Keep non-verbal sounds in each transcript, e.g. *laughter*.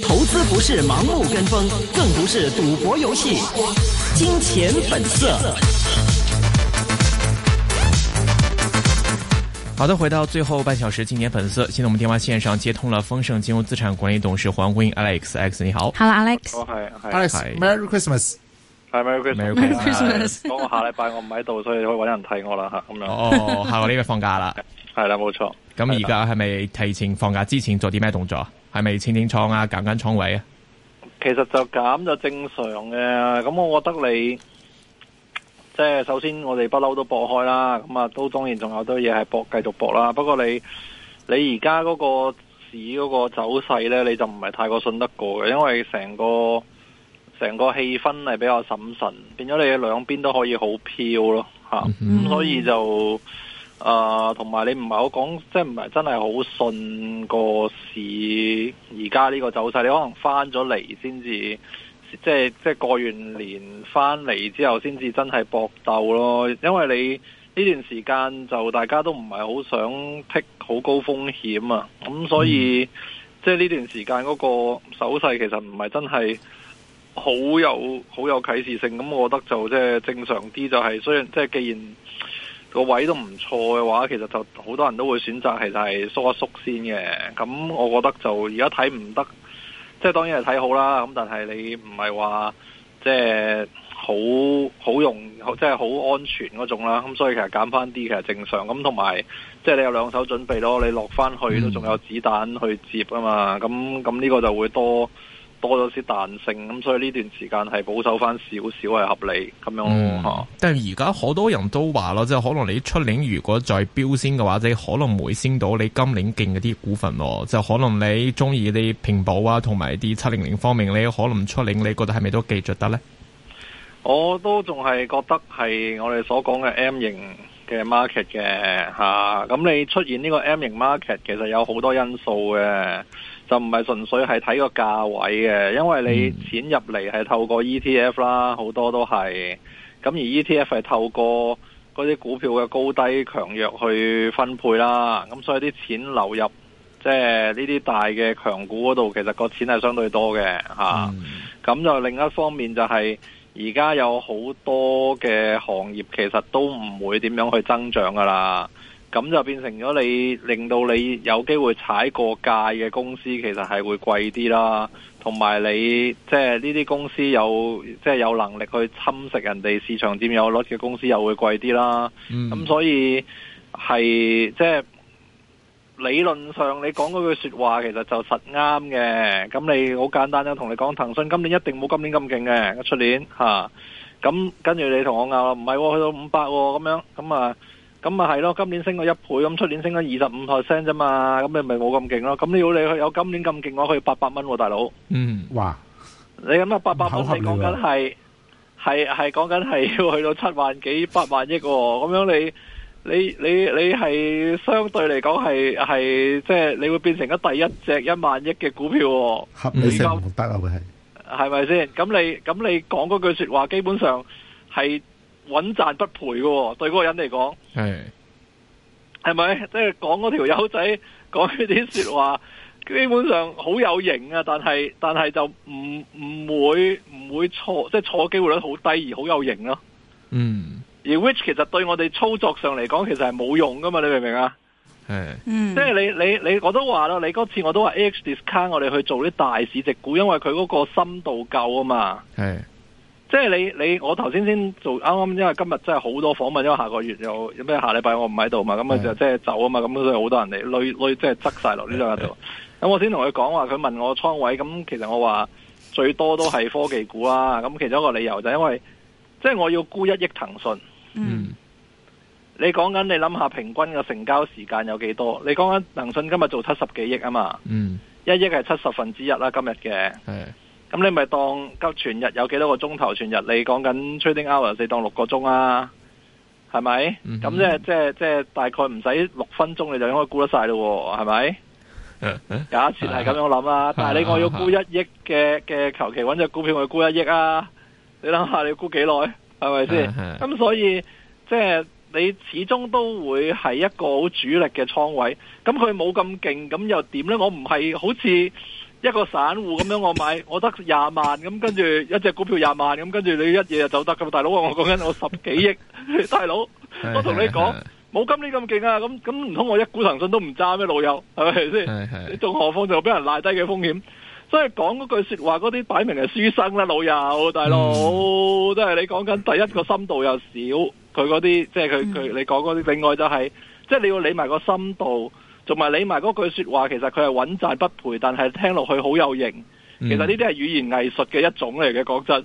投資不是盲目跟風，更不是賭博遊戲。金錢本色。好的，回到最後半小時，金錢本色。現在我們電話線上接通了豐盛金融資產管理董事黃國英 Alex，Alex 你好。Hello，Alex。我係，Alex。Merry Christmas。Hi，Merry Christmas。Merry Christmas。我下禮拜我唔喺度，所以可以搵人睇我啦吓，咁樣。哦，下個呢個放假啦。係啦，冇錯。咁而家係咪提前放假之前做啲咩動作啊？係咪清清倉啊？減減倉位啊？其實就減就正常嘅。咁我覺得你即係首先我哋不嬲都博開啦。咁啊，都當然仲有啲嘢係博，繼續博啦。不過你你而家嗰個市嗰個走勢呢，你就唔係太過信得過嘅，因為成個成個氣氛係比較審慎，變咗你兩邊都可以好飄咯，吓咁、mm hmm. 所以就。誒，同埋、呃、你唔係好講，即係唔係真係好信個市而家呢個走勢，你可能翻咗嚟先至，即係即係過完年翻嚟之後先至真係搏鬥咯。因為你呢段時間就大家都唔係好想剔好高風險啊，咁所以、嗯、即係呢段時間嗰個手勢其實唔係真係好有好有啟示性。咁我覺得就即係正常啲就係、是，雖然即係既然。個位都唔錯嘅話，其實就好多人都會選擇其實係縮一縮先嘅。咁我覺得就而家睇唔得，即係當然係睇好啦。咁但係你唔係話即係好好用，即係好安全嗰種啦。咁所以其實減翻啲其實正常。咁同埋即係你有兩手準備咯，你落翻去都仲有子彈去接啊嘛。咁咁呢個就會多。多咗啲彈性，咁所以呢段時間係保守翻少少係合理咁樣。嗯、但係而家好多人都話咯，即係可能你出年如果再標先嘅話，即係可能會升到你今年勁嘅啲股份喎。就可能你中意啲平保啊，同埋啲七零零方面你可能出年，你覺得係咪都記著得呢？我都仲係覺得係我哋所講嘅 M 型嘅 market 嘅嚇。咁、啊、你出現呢個 M 型 market 其實有好多因素嘅。就唔係純粹係睇個價位嘅，因為你錢入嚟係透過 ETF 啦，好多都係。咁而 ETF 係透過嗰啲股票嘅高低強弱去分配啦。咁所以啲錢流入即係呢啲大嘅強股嗰度，其實個錢係相對多嘅吓。咁、嗯啊、就另一方面就係而家有好多嘅行業其實都唔會點樣去增長噶啦。咁就變成咗你令到你有機會踩過界嘅公司，其實係會貴啲啦。同埋你即係呢啲公司有即係有能力去侵蝕人哋市場佔有率嘅公司，又會貴啲啦。咁、mm hmm. 所以係即係理論上你講嗰句説話，其實就實啱嘅。咁你好簡單啦，同你講騰訊今年一定冇今年咁勁嘅出年嚇。咁、啊、跟住你同我拗唔係去到五百咁樣咁啊？咁咪係咯，今年升咗一倍，咁出年升咗二十五 percent 啫嘛，咁你咪冇咁勁咯。咁如果你去有今年咁勁嘅話，去八百蚊喎，大佬。嗯，哇！你咁啊，八百蚊你講緊係係係講緊係要去到七萬幾八萬億嘅，咁樣你你你你係相對嚟講係係即係你會變成咗第一隻一萬億嘅股票，合理唔得啊？會係係咪先？咁你咁你講嗰句說話，基本上係。穩賺不賠嘅，對嗰個人嚟講係，係咪即係講嗰條友仔講呢啲說話， *laughs* 基本上好有型啊，但係但係就唔唔會唔會錯，即係錯機會率好低而好有型咯、啊。嗯，而 which 其實對我哋操作上嚟講，其實係冇用噶嘛、啊，你明唔明啊？係的，即係、嗯、你你你，我都話啦，你嗰次我都話 A X discount，我哋去做啲大市值股，因為佢嗰個深度夠啊嘛。係。即係你你我頭先先做啱啱，因為今日真係好多訪問，因為下個月又，有咩下禮拜我唔喺度嘛，咁咪就即係走啊嘛，咁所以好多人嚟，累累即係執晒落呢兩日度。咁的我先同佢講話，佢問我倉位，咁其實我話最多都係科技股啦、啊。咁其中一個理由就係因為即係我要沽一億騰訊。嗯。你講緊你諗下平均嘅成交時間有幾多？你講緊騰訊今日做七十幾億啊嘛。嗯。一億係七十分之一啦、啊，今日嘅。係。咁你咪當急全日有幾多個鐘頭？全日你講緊 trading hour，你當六個鐘啊，係咪？咁即係即係即係大概唔使六分鐘，你就應該估得晒咯、啊，係咪？假設係咁樣諗啦、啊，嗯、哼但係你我要估一億嘅嘅，求其揾隻股票我要估一億啊！你諗下、啊嗯哼就是，你要估幾耐？係咪先？咁所以即係你始終都會係一個好主力嘅倉位，咁佢冇咁勁，咁又點呢？我唔係好似。一個散戶咁樣我買，我得廿萬咁、嗯，跟住一隻股票廿萬咁，跟住你一嘢就走得嘛、嗯。大佬啊，我講緊我十幾億， *laughs* *laughs* 大佬， *laughs* 我同你講冇 *laughs* 今年咁勁啊，咁咁唔通我一股騰訊都唔揸咩？老友係咪先？係係 *laughs* *laughs* 你仲何況就俾人賴低嘅風險，所以講嗰句說話，嗰啲擺明係書生啦，老友，大佬，嗯、都係你講緊第一個深度又少，佢嗰啲即係佢佢你講嗰啲，另外就係即係你要理埋個深度。同埋你埋嗰句説話，其實佢係穩賺不賠，但係聽落去好有型。其實呢啲係語言藝術嘅一種嚟嘅，講真，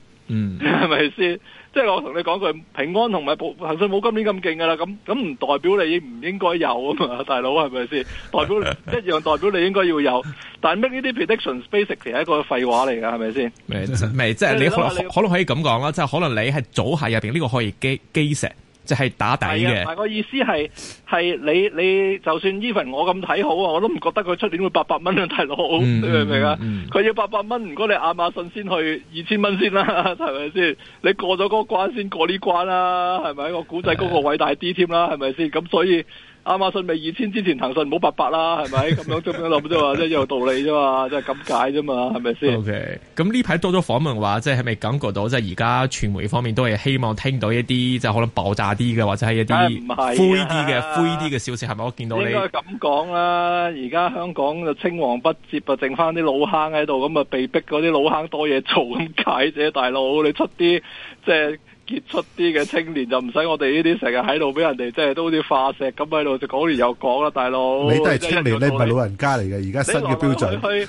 係咪先？即係我同你講句，平安同埋騰訊冇今年咁勁噶啦。咁咁唔代表你唔應該有啊嘛，大佬係咪先？代表 *laughs* 一樣代表你應該要有，但係 make 呢啲 predictions basically 係一個廢話嚟嘅，係咪先？咪咪 *laughs* 即係你可可能可以咁講啦，即係可能你係組合入邊呢個可以基基石。即係打底嘅。係啊，我意思係係你你就算 even 我咁睇好啊，我都唔覺得佢出年會八百蚊啊。大佬，嗯、你明唔明啊？佢、嗯嗯、要八百蚊，唔該你亞馬遜先去二千蚊先啦，係咪先？你過咗嗰關先過呢關啦、啊，係咪？我估仔高個偉大啲添啦，係咪先？咁 *laughs* 所以。亞馬遜未二千之前騰訊，騰訊唔好八八啦，係咪咁樣咁樣諗啫嘛？即係有道理啫嘛？即係咁解啫嘛？係咪先？OK 咁呢排多咗訪問話，即係咪感覺到即係而家傳媒方面都係希望聽到一啲即係可能爆炸啲嘅，或者係一啲灰啲嘅、哎啊、灰啲嘅消息，係咪？我見到你應該咁講啦。而家香港就青黃不接啊，剩翻啲老坑喺度，咁啊被逼嗰啲老坑多嘢做咁解啫。大佬，你出啲即係。傑出啲嘅青年就唔使我哋呢啲成日喺度俾人哋，即係都好似化石咁喺度，就講完又講啦，大佬。你都係青年，就是，你唔係老人家嚟嘅，而家新嘅標準。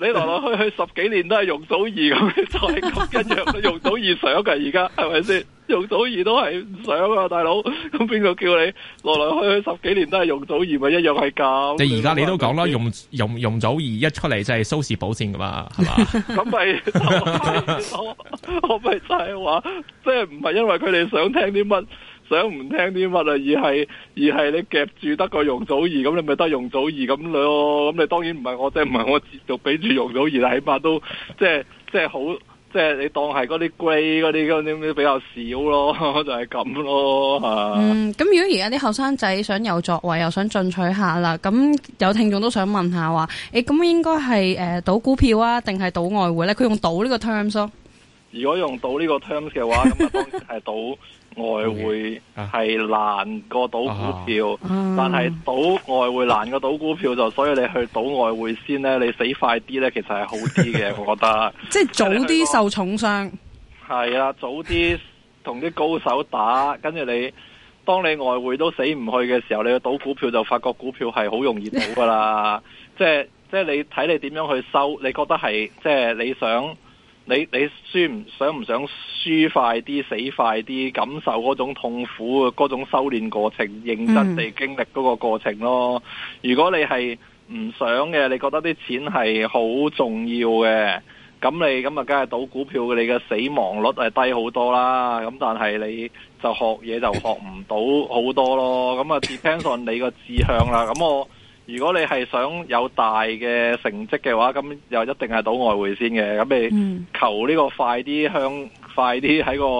你來來去去十幾年都係容祖兒咁， *laughs* 就係咁一樣容祖兒想嘅，而家係咪先？容祖兒都係唔想啊，大佬。咁邊個叫你來來去去十幾年都係容祖兒？咪一樣係咁。你而家你都講啦，容容容祖兒一出嚟就係蘇氏寶線噶嘛，係嘛？咁咪我我咪就係話，即係唔係因為佢哋想聽啲乜？想唔聽啲乜啊？而係而係你夾住得個容祖兒，咁你咪得容祖兒咁咯？咁你當然唔係我即係唔係我接續俾住容祖兒，起碼都即係即係好即係你當係嗰啲貴嗰啲咁啲比較少咯，就係、是、咁咯吓。啊、嗯，咁如果而家啲後生仔想有作為又想進取下啦，咁有聽眾都想問下話，誒、欸、咁應該係誒賭股票啊，定係賭外匯咧？佢用賭呢個 terms 咯。如果用賭呢個 terms 嘅話，咁啊係賭。外匯係難過賭股票。啊、但係賭外匯難過賭股票就，所以你去賭外匯先呢，你死快啲呢，其實係好啲嘅， *laughs* 我覺得。即係早啲、呃、受重傷。係啊，早啲同啲高手打，跟住你，當你外匯都死唔去嘅時候，你去賭股票就發覺股票係好容易賭噶啦。即係即係你睇你點樣去收，你覺得係即係你想。你你輸，唔想唔想輸快啲，死快啲，感受嗰種痛苦啊，嗰種修煉過程，認真地經歷嗰個過程咯。如果你係唔想嘅，你覺得啲錢係好重要嘅，咁你咁啊，梗係賭股票，你嘅死亡率係低好多啦。咁但係你就學嘢就學唔到好多咯。咁啊，depend on 你個志向啦。咁我。如果你係想有大嘅成績嘅話，咁又一定係賭外匯先嘅。咁你求呢個快啲向快啲喺個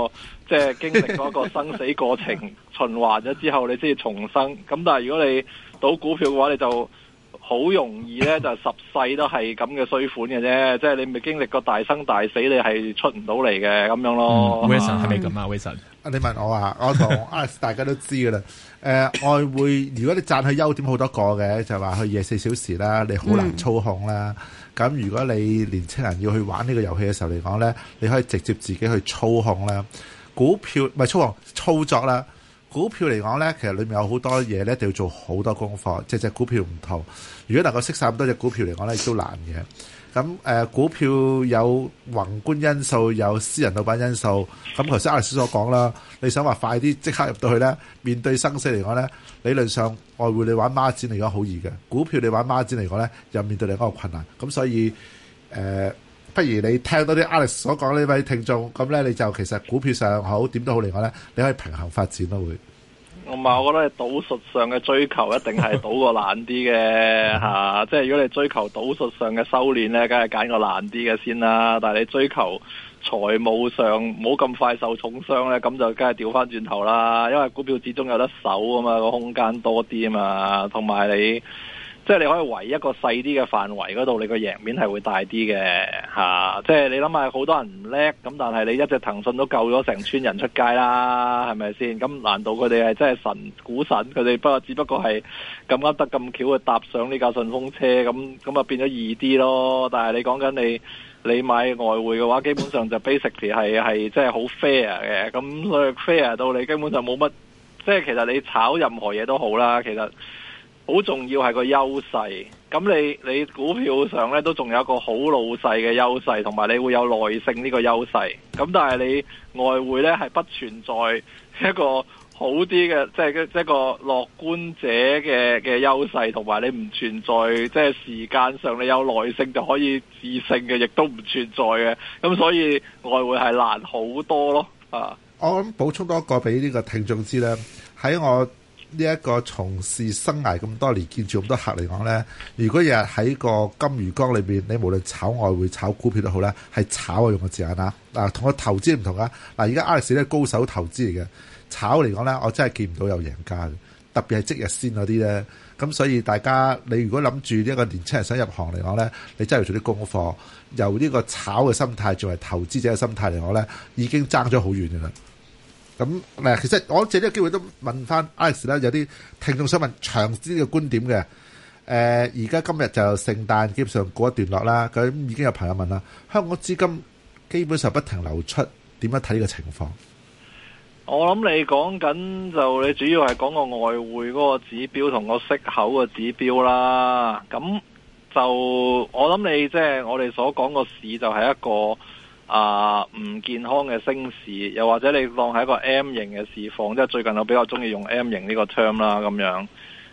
即係、就是、經歷嗰個生死過程 *laughs* 循環咗之後，你先至重生。咁但係如果你賭股票嘅話，你就～好 *laughs* 容易咧，就十世都係咁嘅衰款嘅啫，即係你未經歷過大生大死，你係出唔到嚟嘅咁樣咯。係咪咁啊？威你問我啊，我同啊，大家都知噶啦。誒、呃，外匯 *coughs* 如果你讚佢優點好多個嘅，就話佢廿四小時啦，你好難操控啦。咁、嗯、如果你年青人要去玩呢個遊戲嘅時候嚟講咧，你可以直接自己去操控啦，股票唔係操控，操作啦。股票嚟講呢，其實裡面有好多嘢呢，一定要做好多功課。隻隻股票唔同，如果能夠識晒咁多隻股票嚟講呢，亦都難嘅。咁、嗯、誒、呃，股票有宏觀因素，有私人老闆因素。咁頭先阿利斯所講啦，你想話快啲即刻入到去呢？面對生死嚟講呢，理論上外匯你玩孖展嚟講好易嘅。股票你玩孖展嚟講呢，又面對另一個困難。咁、嗯、所以誒。呃不如你聽多啲 Alex 所講呢位聽眾，咁呢，你就其實股票上好點都好嚟講呢，你可以平衡發展都會同埋我覺得，賭術上嘅追求一定係賭個難啲嘅嚇。即係如果你追求賭術上嘅修煉呢，梗係揀個難啲嘅先啦。但係你追求財務上，冇咁快受重傷呢，咁就梗係掉翻轉頭啦。因為股票始終有得守啊嘛，個空間多啲啊嘛，同埋你。即係你可以圍一個細啲嘅範圍嗰度，你個贏面係會大啲嘅嚇。即係你諗下，好多人唔叻咁，但係你一隻騰訊都救咗成村人出街啦，係咪先？咁難道佢哋係真係神股神？佢哋不過只不過係咁啱得咁巧去搭上呢架順風車，咁咁啊變咗易啲咯。但係你講緊你你買外匯嘅話，基本上就 basically 係係即係好 fair 嘅，咁所以 fair 到你根本就冇乜。即係其實你炒任何嘢都好啦，其實。好重要係個優勢，咁你你股票上咧都仲有一個好老細嘅優勢，同埋你會有耐性呢個優勢。咁但係你外匯咧係不存在一個好啲嘅，即係即係一個樂觀者嘅嘅優勢，同埋你唔存在即係、就是、時間上你有耐性就可以戰勝嘅，亦都唔存在嘅。咁所以外匯係難好多咯。啊，我諗補充多一個俾呢個聽眾知啦，喺我。呢一個從事生涯咁多年，見住咁多客嚟講咧，如果日日喺個金魚缸裏邊，你無論炒外匯、炒股票都好咧，係炒我用個字眼啦。嗱、啊，同個投資唔同啊。嗱、啊，而家 Alex 咧高手投資嚟嘅，炒嚟講咧，我真係見唔到有贏家嘅，特別係即日先嗰啲咧。咁所以大家你如果諗住呢一個年青人想入行嚟講咧，你真係要做啲功課，由呢個炒嘅心態作為投資者嘅心態嚟講咧，已經爭咗好遠嘅啦。咁嗱、嗯，其實我借呢個機會都問翻 Alex 啦，有啲聽眾想問長子嘅觀點嘅。誒、呃，而家今日就聖誕基本上告一段落啦。咁已經有朋友問啦，香港資金基本上不停流出，點樣睇呢個情況？我諗你講緊就你主要係講個外匯嗰個指標同個息口個指標啦。咁就我諗你即係、就是、我哋所講個市就係一個。啊，唔健康嘅升市，又或者你放喺一個 M 型嘅市況，即係最近我比較中意用 M 型呢個 term 啦。咁樣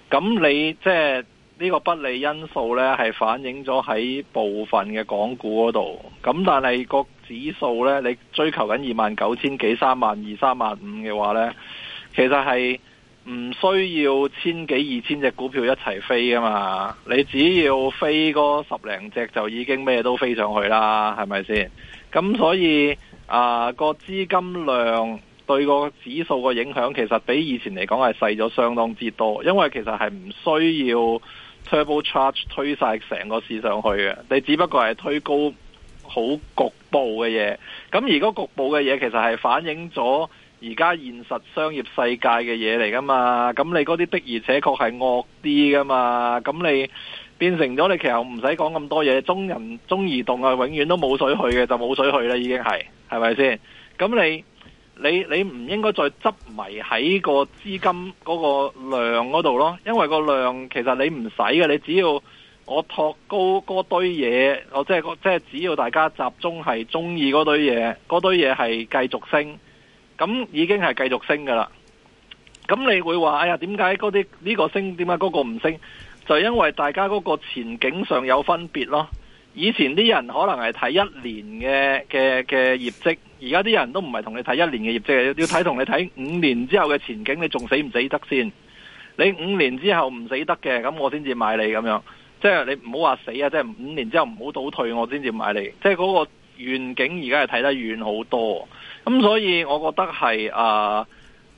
咁你即係呢個不利因素呢係反映咗喺部分嘅港股嗰度。咁但係個指數呢，你追求緊二萬九千幾、三萬二、三萬五嘅話呢，其實係唔需要千幾、二千隻股票一齊飛噶嘛。你只要飛嗰十零隻就已經咩都飛上去啦，係咪先？咁所以啊，個資金量對個指數個影響其實比以前嚟講係細咗相當之多，因為其實係唔需要 turbo charge 推晒成個市上去嘅，你只不過係推高好局部嘅嘢。咁而嗰局部嘅嘢其實係反映咗而家現實商業世界嘅嘢嚟噶嘛，咁你嗰啲的而且確係惡啲噶嘛，咁你。變成咗你其實唔使講咁多嘢，中人中移動啊，永遠都冇水去嘅，就冇水去啦，已經係，係咪先？咁你你你唔應該再執迷喺個資金嗰個量嗰度咯，因為個量其實你唔使嘅，你只要我托高嗰堆嘢，我即係即係只要大家集中係中意嗰堆嘢，嗰堆嘢係繼續升，咁已經係繼續升噶啦。咁你會話，哎呀，點解嗰啲呢個升，點解嗰個唔升？就因為大家嗰個前景上有分別咯，以前啲人可能係睇一年嘅嘅嘅業績，而家啲人都唔係同你睇一年嘅業績，要睇同你睇五年之後嘅前景，你仲死唔死得先？你五年之後唔死得嘅，咁我先至買你咁樣。即係你唔好話死啊，即係五年之後唔好倒退，我先至買你。即係嗰個願景而家係睇得遠好多，咁所以我覺得係啊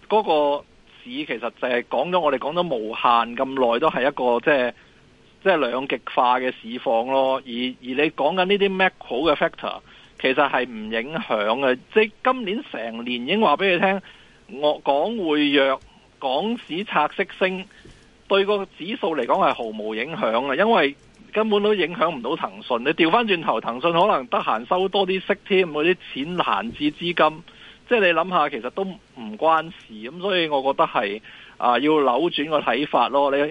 嗰個。其實就係講咗我哋講咗無限咁耐都係一個即係即係兩極化嘅市況咯，而而你講緊呢啲 macro 嘅 factor 其實係唔影響嘅，即係今年成年已經話俾你聽，我港匯弱、港市拆息升，對個指數嚟講係毫無影響嘅，因為根本都影響唔到騰訊。你調翻轉頭，騰訊可能得閒收多啲息添，嗰啲錢閒置資金。即係你諗下，其實都唔關事咁，所以我覺得係啊、呃，要扭轉個睇法咯。你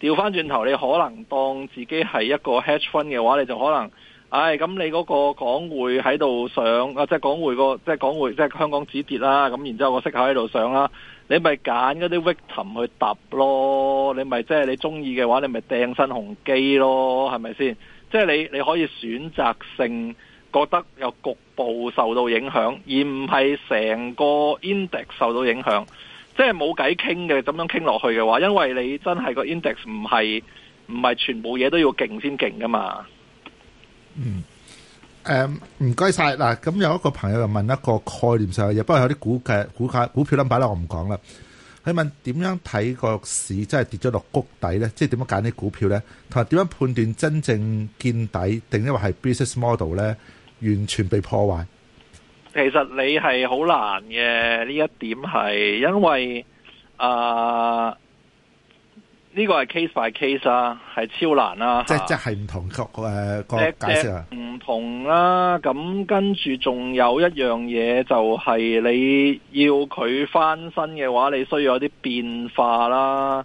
調翻轉頭，你可能當自己係一個 hedge fund 嘅話，你就可能唉，咁、哎、你嗰個港匯喺度上啊，即係港匯個即係港匯，即係香港止跌啦。咁然之後個息口喺度上啦，你咪揀嗰啲 victim 去揼咯。你咪即係你中意嘅話，你咪掟新鴻基咯，係咪先？即係你你可以選擇性。覺得有局部受到影響，而唔係成個 index 受到影響，即係冇計傾嘅，咁樣傾落去嘅話，因為你真係個 index 唔係唔係全部嘢都要勁先勁噶嘛，嗯。嗯，誒，唔該晒。嗱。咁有一個朋友又問一個概念上嘅嘢，不過有啲股嘅、股價、股票 number 咧，我唔講啦。佢問點樣睇個市真係跌咗落谷底咧？即係點樣揀啲股票咧？同埋點樣判斷真正見底定抑或係 business model 咧？完全被破壞。其實你係好難嘅呢一點係，因為啊，呢、呃這個係 case by case 啊，係超難啦、啊。即即係唔同個誒、呃、個解釋啊。唔同啦，咁跟住仲有一樣嘢，就係你要佢翻身嘅話，你需要有啲變化啦。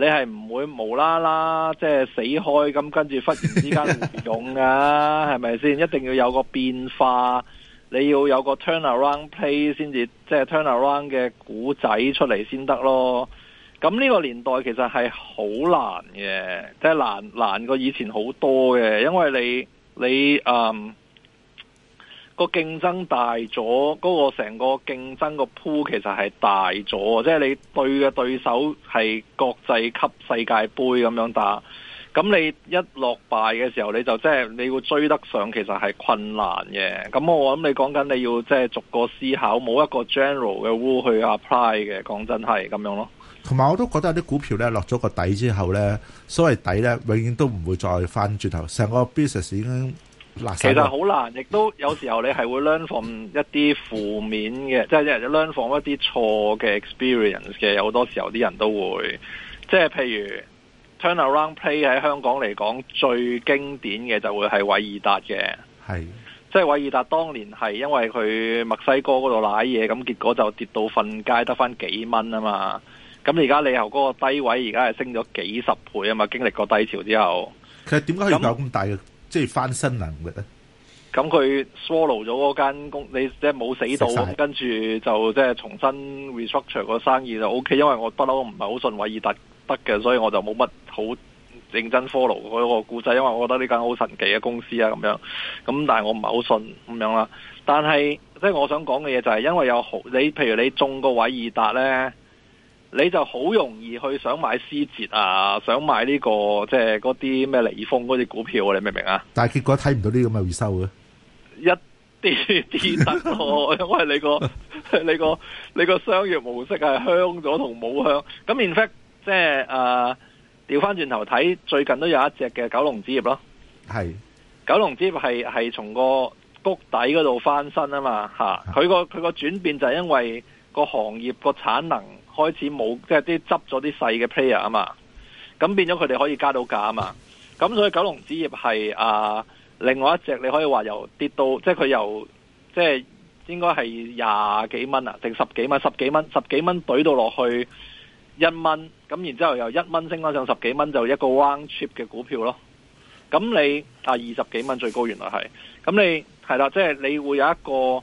你係唔會無啦啦即係死開咁，跟住忽然之間冇用㗎，係咪先？一定要有個變化，你要有個 turnaround play 先至，即係 turnaround 嘅古仔出嚟先得咯。咁呢個年代其實係好難嘅，即係難難過以前好多嘅，因為你你嗯。Um, 競那個、個競爭大咗，嗰個成個競爭個 pool 其實係大咗，即係你對嘅對手係國際級世界盃咁樣打，咁你一落敗嘅時候，你就即係你要追得上，其實係困難嘅。咁我諗你講緊你要即係逐個思考，冇一個 general 嘅 rule 去 apply 嘅。講真係咁樣咯。同埋我都覺得啲股票咧落咗個底之後咧，所謂底咧永遠都唔會再翻轉頭，成個 business 已經。其實好難，亦都有時候你係會 learn from 一啲負面嘅，即係一 learn from 一啲錯嘅 experience 嘅。有好多時候啲人都會，即係譬如 turnaround play 喺香港嚟講最經典嘅就會係偉爾達嘅，係是即係偉爾達當年係因為佢墨西哥嗰度瀨嘢，咁結果就跌到瞓街得返幾蚊啊嘛。咁而家你由嗰個低位而家係升咗幾十倍啊嘛，經歷過低潮之後，其實點解可以有咁大嘅？嗯即係翻身能力咧，咁佢 follow 咗嗰間公，你即係冇死到，跟住就即係重新 restructure 個生意就 OK，因為我不嬲唔係好信偉爾達得嘅，所以我就冇乜好認真 follow 嗰個故仔，因為我覺得呢間好神奇嘅公司啊咁樣，咁但係我唔係好信咁樣啦。但係即係我想講嘅嘢就係因為有好你，譬如你中個偉爾達咧。你就好容易去想買思捷啊，想買呢、這個即係嗰啲咩利豐嗰啲股票，啊，你明唔明啊？但係結果睇唔到呢咁嘅回收嘅，一啲啲得咯， *laughs* 因為你個 *laughs* 你個你個商業模式係香咗同冇香。咁 in fact，即係誒調翻轉頭睇，最近都有一隻嘅九龍紙業咯，係是九龍紙業係係從個谷底嗰度翻身啊嘛，吓佢個佢個轉變就係因為個行業個產能。開始冇即係啲執咗啲細嘅 player 啊嘛，咁變咗佢哋可以加到價啊嘛，咁所以九龍紙業係啊、呃、另外一隻你可以話由跌到即係佢由即係應該係廿幾蚊啊定十幾蚊、啊、十幾蚊十幾蚊懟到落去一蚊，咁然之後由一蚊升翻上十幾蚊就一個 round trip 嘅股票咯，咁你啊二十幾蚊最高原來係，咁你係啦，即係你會有一個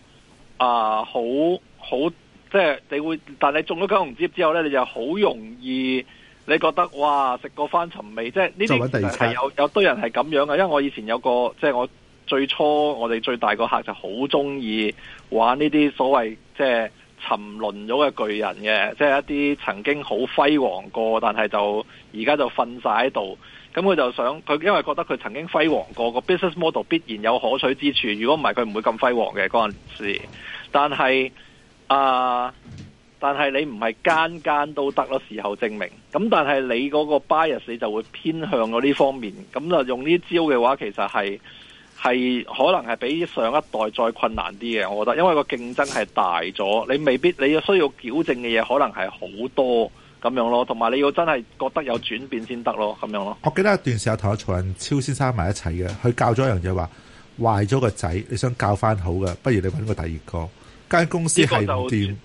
啊好、呃、好。好即係你會，但係中咗九龍之之後呢，你就好容易你覺得哇，食過翻尋味。即係呢啲有有堆人係咁樣嘅，因為我以前有個即係我最初我哋最大個客就好中意玩呢啲所謂即係沉淪咗嘅巨人嘅，即係一啲曾經好輝煌過，但係就而家就瞓晒喺度。咁佢就想佢因為覺得佢曾經輝煌過個 business model 必然有可取之處，如果唔係佢唔會咁輝煌嘅嗰陣時，但係。啊！Uh, 但係你唔係間間都得咯，事後證明。咁但係你嗰個 bias 你就會偏向咗呢方面。咁就用呢招嘅話，其實係係可能係比上一代再困難啲嘅，我覺得，因為個競爭係大咗，你未必你要需要矯正嘅嘢，可能係好多咁樣咯。同埋你要真係覺得有轉變先得咯，咁樣咯。我記得一段時候同阿曹仁超先生埋一齊嘅，佢教咗一樣嘢，話壞咗個仔，你想教翻好嘅，不如你搵個第二個。呢個就絕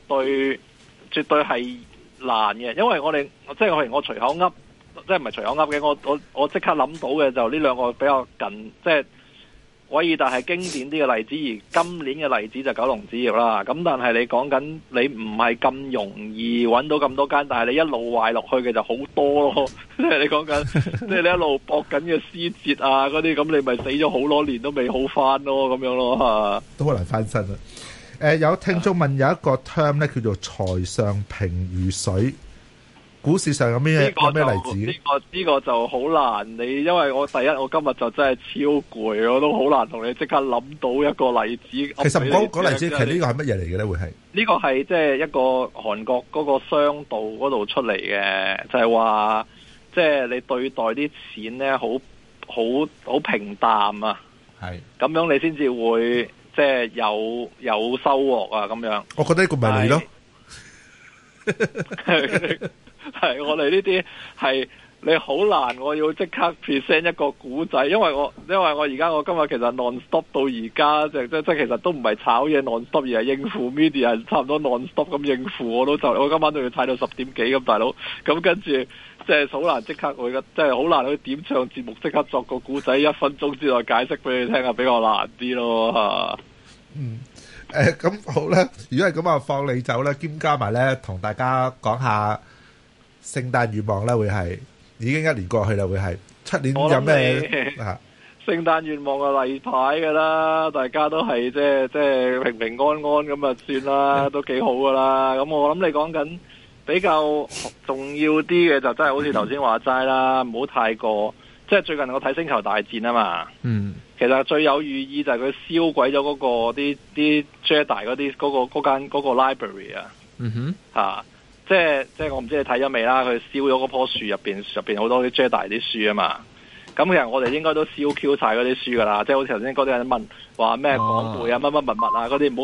對，絕對係難嘅，因為我哋，即係可能我隨口噏，即係唔係隨口噏嘅，我我我即刻諗到嘅就呢兩個比較近，即係偉易達係經典啲嘅例子，而今年嘅例子就玖龍紙業啦。咁但係你講緊你唔係咁容易揾到咁多間，但係你一路壞落去嘅就好多咯。即係你講緊， *laughs* 即係你一路搏緊嘅思捷啊，嗰啲咁，你咪死咗好多年都未好翻咯，咁樣咯啊，都難翻身啊。誒，有聽眾問有一個 term 咧叫做財上平如水，股市上有咩咩例子？呢個呢個就好難你，因為我第一我今日就真係超攰，我都好難同你即刻諗到一個例子。其實唔講例子，其實呢個係乜嘢嚟嘅咧？會係呢個係即係一個韓國嗰個商道嗰度出嚟嘅，就係話即係你對待啲錢咧，好好好平淡啊，係咁樣你先至會。即係有有收穫啊，咁樣，我覺得呢個咪係咯，係 *laughs* *laughs* *laughs* 我哋呢啲係。你好難，我要即刻 present 一個古仔，因為我因為我而家我今日其實 nonstop 到而家，即即即，即，即其實都唔係炒嘢 nonstop 而係應付 media，差唔多 nonstop 咁應付我都就我今晚都要睇到十點幾咁，大佬咁跟住即係好難即刻我即係好難去點唱節目，即刻作個古仔一分鐘之內解釋俾你聽啊，比較難啲咯吓。嗯，誒、呃、咁好啦，如果係咁啊，我放你走咧，兼加埋咧，同大家講下聖誕願望咧，會係。已經一年過去啦，會係七年有咩啊？ *laughs* 聖誕願望嘅例牌㗎啦，大家都係即係即係平平安安咁啊算啦， *laughs* 都幾好噶啦。咁我諗你講緊比較重要啲嘅，就真係好似頭先話齋啦，唔好 *laughs* 太過。即係最近我睇《星球大戰》啊嘛，嗯， *laughs* 其實最有寓意就係佢燒鬼咗嗰個啲啲 Jedi 嗰啲嗰個嗰間嗰個 library 啊，嗯哼，嚇。即係即係我唔知你睇咗未啦。佢燒咗棵樹入邊，入邊好多啲遮大啲樹啊嘛。咁其實我哋應該都燒 Q 晒啲樹噶啦。即係好似頭先啲人問話咩港媒啊、乜乜物物啊啲，唔好。